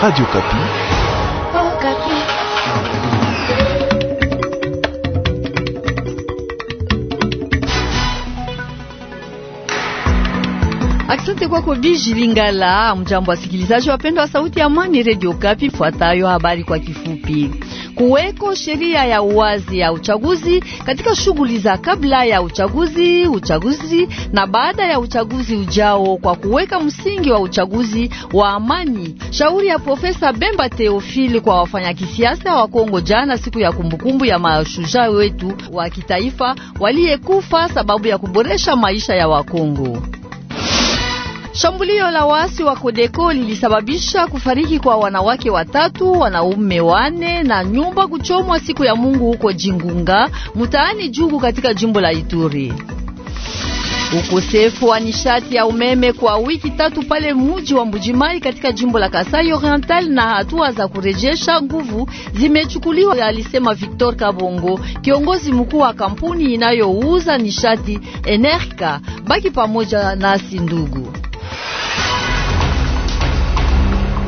Radio Kapi. Oh, Kapi. Asante kwako Biji Lingala. Mjambo wasikilizaji wapendwa wa Sauti ya Amani Radio Kapi, fuatayo habari kwa kifupi kuweko sheria ya uwazi ya uchaguzi katika shughuli za kabla ya uchaguzi, uchaguzi na baada ya uchaguzi ujao kwa kuweka msingi wa uchaguzi wa amani. Shauri ya Profesa Bemba Teofili kwa kisiasa wa Kongo jana siku ya kumbukumbu ya mashujaa wetu wa kitaifa waliyekufa sababu ya kuboresha maisha ya Wakongo. Shambulio la waasi wa Kodeko lilisababisha kufariki kwa wanawake watatu, wanaume wane na nyumba kuchomwa siku ya Mungu huko Jingunga, mtaani Jugu katika jimbo la Ituri. Ukosefu wa nishati ya umeme kwa wiki tatu pale muji wa Mbujimai katika jimbo la Kasai Oriental na hatua za kurejesha nguvu zimechukuliwa, alisema Victor Kabongo, kiongozi mkuu wa kampuni inayouza nishati Enerka. Baki pamoja nasi ndugu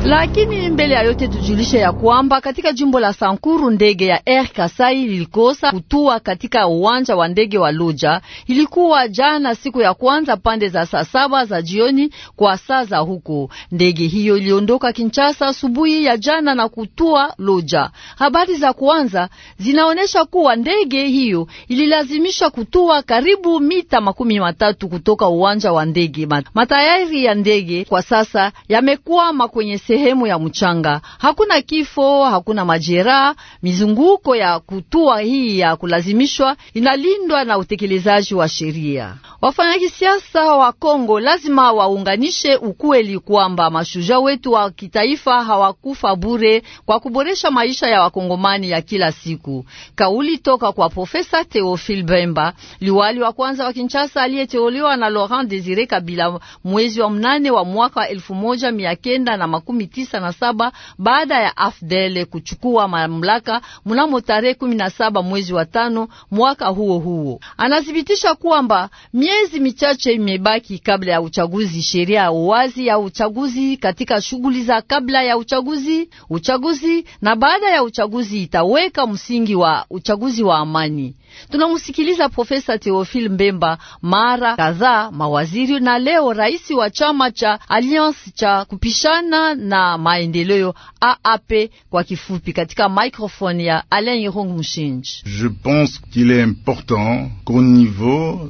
Lakini mbele ya yote tujulishe ya kwamba katika jimbo la Sankuru ndege ya Air Kasai lilikosa kutua katika uwanja wa ndege wa Luja. Ilikuwa jana siku ya kwanza pande za saa saba za jioni kwa saa za huku. Ndege hiyo iliondoka Kinshasa asubuhi ya jana na kutua Luja. Habari za kwanza zinaonyesha kuwa ndege hiyo ililazimisha kutua karibu mita makumi matatu kutoka uwanja wa ndege. Matayari ya ndege kwa sasa yamekwama kwenye sehemu ya mchanga. Hakuna kifo, hakuna majeraha. Mizunguko ya kutua hii ya kulazimishwa inalindwa na utekelezaji wa sheria. Wafanyakisiasa wa Kongo lazima waunganishe ukweli kwamba mashujaa wetu wa kitaifa hawakufa bure kwa kuboresha maisha ya wakongomani ya kila siku. Kauli toka kwa Profesa Theophile Bemba, liwali wa kwanza wa Kinshasa aliyeteuliwa na Laurent Desire Kabila mwezi wa mnane wa mwaka elfu moja mia kenda na makumi makumi tisa na saba baada ya AFDL kuchukua mamlaka mnamo tarehe kumi na saba mwezi wa tano mwaka huo huo. Anathibitisha kwamba miezi michache imebaki kabla ya uchaguzi, sheria ya uwazi ya uchaguzi katika shughuli za kabla ya uchaguzi, uchaguzi na baada ya uchaguzi itaweka msingi wa uchaguzi wa amani. Tunamsikiliza Profesa Teofil Mbemba mara kadhaa mawaziri, na leo rais wa chama cha Alliance cha kupishana na maendeleo AAP kwa kifupi, katika microphone ya Alain Irung Mushinji. Je pense qu'il est important qu'au niveau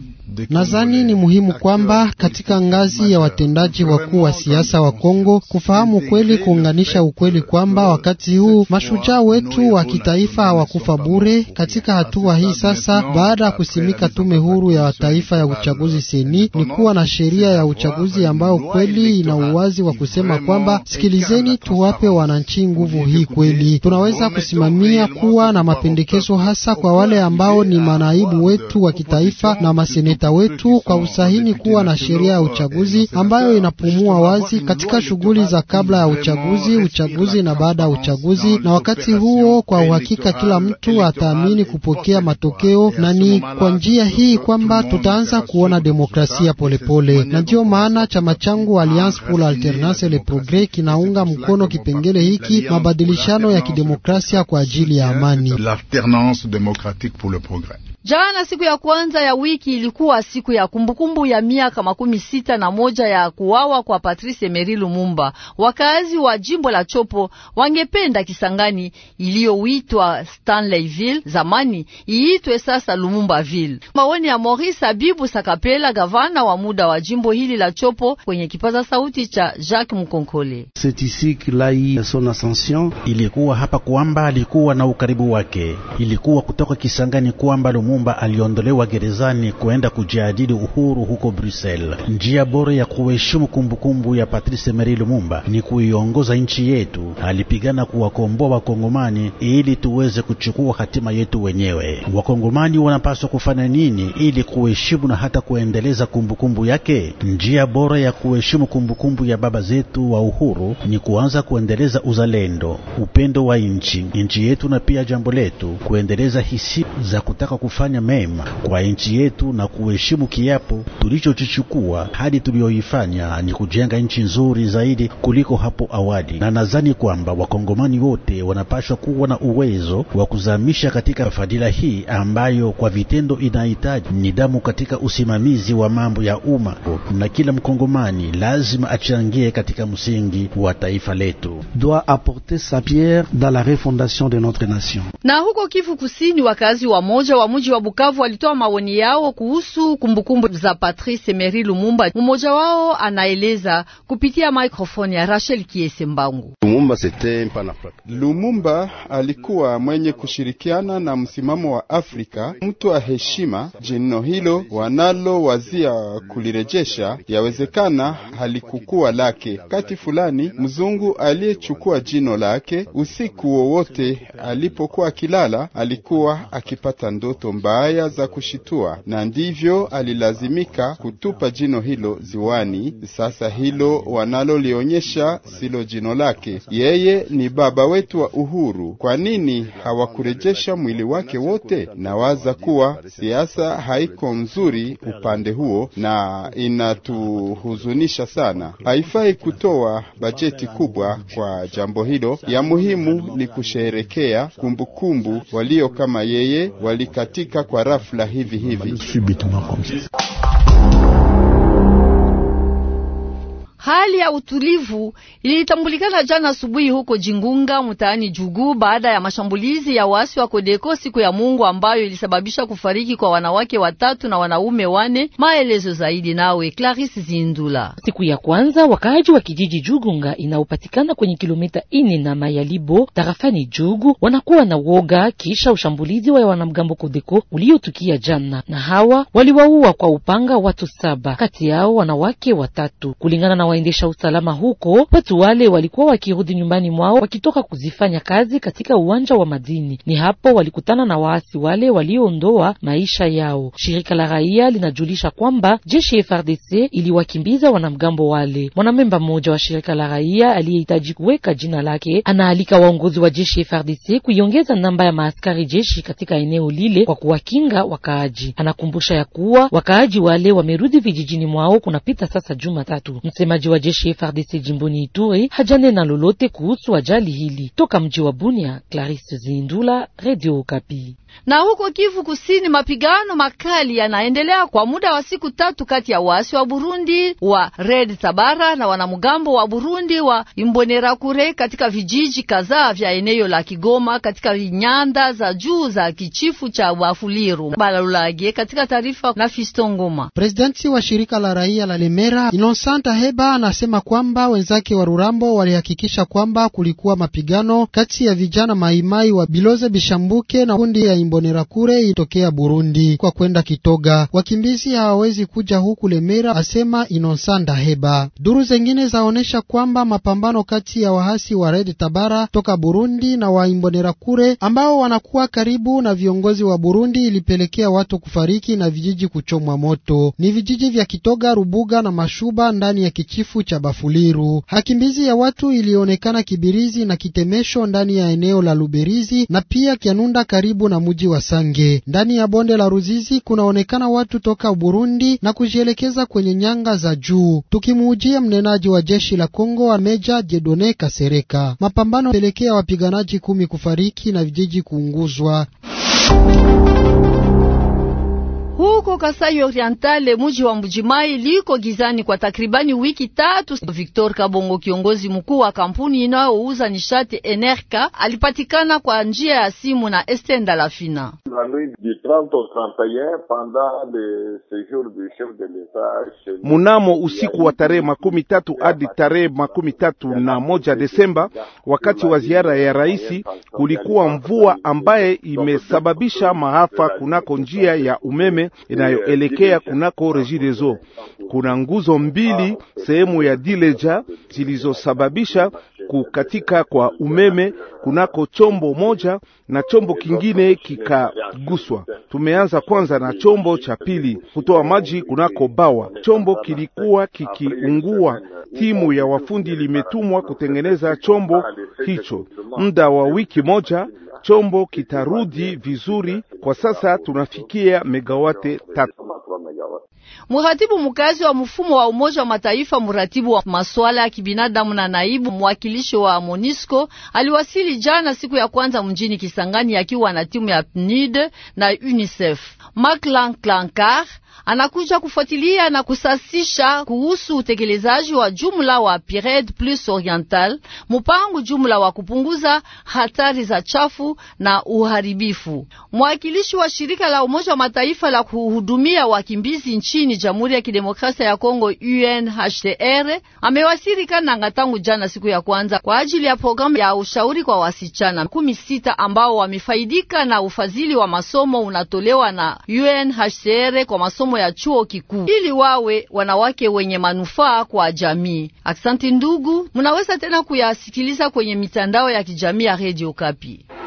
Nadhani ni muhimu kwamba katika ngazi ya watendaji wakuu wa siasa wa Kongo kufahamu kweli, kuunganisha ukweli kwamba wakati huu mashujaa wetu wa kitaifa hawakufa bure. Katika hatua hii sasa sasa baada ya kusimika tume huru ya taifa ya uchaguzi seni ni kuwa na sheria ya uchaguzi ambayo kweli ina uwazi wa kusema kwamba, sikilizeni, tuwape wananchi nguvu hii. Kweli tunaweza kusimamia kuwa na mapendekezo hasa kwa wale ambao ni manaibu wetu wa kitaifa na maseneta wetu, kwa usahini kuwa na sheria ya uchaguzi ambayo inapumua wazi katika shughuli za kabla ya uchaguzi, uchaguzi na baada ya uchaguzi, na wakati huo kwa uhakika kila mtu ataamini kupokea matokeo matokeo, na ni kwa njia hii kwamba tutaanza kuona demokrasia polepole pole. Na ndiyo maana chama changu Alliance pour l'Alternance et le Progres kinaunga mkono kipengele hiki, mabadilishano ya kidemokrasia kwa ajili ya amani. Jana siku ya kwanza ya wiki ilikuwa siku ya kumbukumbu ya miaka makumi sita na moja ya kuwawa kwa Patrice Emery Lumumba. Wakazi wa jimbo la Chopo wangependa Kisangani iliyoitwa Stanleyville zamani iitwe sasa Lumumbaville. Maoni ya Maurice Abibu Sakapela, gavana wa muda wa jimbo hili la Chopo, kwenye kipaza sauti cha Jacques Mkonkole. Ilikuwa hapa kwamba alikuwa na ukaribu wake, ilikuwa kutoka Kisangani kwamba Lumumba Lumumba aliondolewa gerezani kuenda kujadili uhuru huko Brussels. Njia bora ya kuheshimu kumbukumbu ya Patrice Emery Lumumba ni kuiongoza nchi yetu. Alipigana kuwakomboa wakongomani ili tuweze kuchukua hatima yetu wenyewe. Wakongomani wanapaswa kufanya nini ili kuheshimu na hata kuendeleza kumbukumbu yake? Njia bora ya kuheshimu kumbukumbu ya baba zetu wa uhuru ni kuanza kuendeleza uzalendo, upendo wa nchi, nchi yetu na pia jambo letu kuendeleza hisia za kutaka kufanya kufanya mema kwa nchi yetu na kuheshimu kiapo tulichochichukua. Hadi tuliyoifanya ni kujenga nchi nzuri zaidi kuliko hapo awali, na nadhani kwamba wakongomani wote wanapaswa kuwa na uwezo wa kuzamisha katika fadila hii ambayo kwa vitendo inahitaji nidhamu katika usimamizi wa mambo ya umma, na kila mkongomani lazima achangie katika msingi wa taifa letu. Doit apporter sa pierre dans la refondation de notre nation. Na huko Kivu Kusini, wakazi wa moja wa mji wa Bukavu walitoa maoni yao kuhusu kumbukumbu za Patrice Emery Lumumba. Mmoja wao anaeleza kupitia mikrofoni ya Rachel Kiese Mbangu. Lumumba alikuwa mwenye kushirikiana na msimamo wa Afrika, mtu wa heshima. Jino hilo wanalowazia kulirejesha, yawezekana halikukuwa lake. Kati fulani mzungu aliyechukua jino lake usiku wowote alipokuwa akilala, alikuwa akipata ndoto mbaya za kushitua, na ndivyo alilazimika kutupa jino hilo ziwani. Sasa hilo wanalolionyesha silo jino lake, yeye ni baba wetu wa uhuru. Kwa nini hawakurejesha mwili wake wote? Nawaza kuwa siasa haiko nzuri upande huo, na inatuhuzunisha sana. Haifai kutoa bajeti kubwa kwa jambo hilo. Ya muhimu ni kusherekea kumbukumbu walio kama yeye walikati kufika kwa rafla hivi hivi. Hali ya utulivu ilitambulikana jana asubuhi huko Jingunga mtaani Jugu baada ya mashambulizi ya waasi wa Kodeko siku ya Mungu ambayo ilisababisha kufariki kwa wanawake watatu na wanaume wane. Maelezo zaidi nawe Clarisse Zindula. Siku ya kwanza wakaaji wa kijiji Jugunga inaopatikana kwenye kilomita ine na Mayalibo tarafani Jugu wanakuwa na woga kisha ushambulizi wa wanamgambo Kodeko uliotukia jana, na hawa waliwaua kwa upanga watu saba, kati yao wanawake watatu kulingana na waendesha usalama huko, watu wale walikuwa wakirudi nyumbani mwao wakitoka kuzifanya kazi katika uwanja wa madini. Ni hapo walikutana na waasi wale walioondoa maisha yao. Shirika la raia linajulisha kwamba jeshi FRDC iliwakimbiza wanamgambo wale. Mwanamemba mmoja wa shirika la raia aliyehitaji kuweka jina lake anaalika waongozi wa jeshi FRDC kuiongeza namba ya maaskari jeshi katika eneo lile kwa kuwakinga wakaaji. Anakumbusha ya kuwa wakaaji wale wamerudi vijijini mwao kunapita sasa juma tatu. Msemaji Msemaji wa jeshi FARDC jimboni Ituri hajanena lolote kuhusu ajali hili. Toka mji wa Bunia, Clarisse Zindula, Radio Okapi. Na huko Kivu Kusini, mapigano makali yanaendelea kwa muda wa siku tatu kati ya waasi wa Burundi wa Red Tabara na wanamgambo wa Burundi wa Imbonerakure katika vijiji kadhaa vya eneo la Kigoma katika nyanda za juu za kichifu cha Wafuliru Balalulage. Katika taarifa na fisto Ngoma, presidenti wa shirika la raia la Lemera Inosanta Heba anasema kwamba wenzake wa Rurambo walihakikisha kwamba kulikuwa mapigano kati ya vijana maimai wa Biloze Bishambuke na kundi ya Imbonerakure itokea Burundi kwa kwenda Kitoga. Wakimbizi hawawezi kuja huku Lemera, asema Inosanda Heba. Duru zengine zaonesha kwamba mapambano kati ya wahasi wa Red Tabara toka Burundi na wa Imbonerakure ambao wanakuwa karibu na viongozi wa Burundi ilipelekea watu kufariki na vijiji kuchomwa moto. Ni vijiji vya Kitoga, Rubuga na Mashuba ndani ya kichi kitakatifu cha Bafuliru. Hakimbizi ya watu ilionekana Kibirizi na Kitemesho ndani ya eneo la Luberizi na pia Kyanunda karibu na muji wa Sange. Ndani ya bonde la Ruzizi kunaonekana watu toka Burundi na kujielekeza kwenye nyanga za juu. Tukimuujia mnenaji wa jeshi la Kongo Meja Jedone Kasereka, mapambano pelekea wapiganaji kumi kufariki na vijiji kuunguzwa huko Kasai Orientale muji wa Mbujimai liko gizani kwa takribani wiki tatu. Victor Kabongo, kiongozi mkuu wa kampuni inayouza nishati Enerka, alipatikana kwa njia ya simu na estenda Dalafina. Munamo usiku wa tarehe makumi tatu hadi tarehe makumi tatu na moja Desemba, wakati wa ziara ya raisi, kulikuwa mvua ambaye imesababisha maafa kunako njia ya umeme ina inayoelekea kunako Regideso. Kuna nguzo mbili ah, sehemu ya Dileja zilizosababisha kukatika kwa umeme kunako chombo moja na chombo kingine kikaguswa. Tumeanza kwanza na chombo cha pili kutoa maji kunako bawa. Chombo kilikuwa kikiungua, timu ya wafundi limetumwa kutengeneza chombo hicho muda wa wiki moja chombo kitarudi vizuri. Kwa sasa tunafikia megawate tatu. mratibu mkazi wa mfumo wa Umoja wa Mataifa, mratibu wa masuala ya kibinadamu na naibu mwakilishi wa MONUSCO aliwasili jana siku ya kwanza mjini Kisangani akiwa na timu ya PNID na UNICEF. Mark Lanklankar anakuja kufuatilia na kusasisha kuhusu utekelezaji wa jumla wa Pired Plus Oriental, mpango jumla wa kupunguza hatari za chafu na uharibifu. Mwakilishi wa shirika la Umoja wa Mataifa la kuhudumia wakimbizi nchini Jamhuri ya Kidemokrasia ya Kongo, UNHCR, amewasili Kananga tangu jana siku ya kwanza kwa ajili ya programu ya ushauri kwa wasichana kumi sita ambao wamefaidika na ufadhili wa masomo unatolewa na UNHCR kwa masomo masomo ya chuo kikuu ili wawe wanawake wenye manufaa kwa jamii. Aksanti ndugu, munaweza tena kuyasikiliza kwenye mitandao ya kijamii ya Radio Kapi.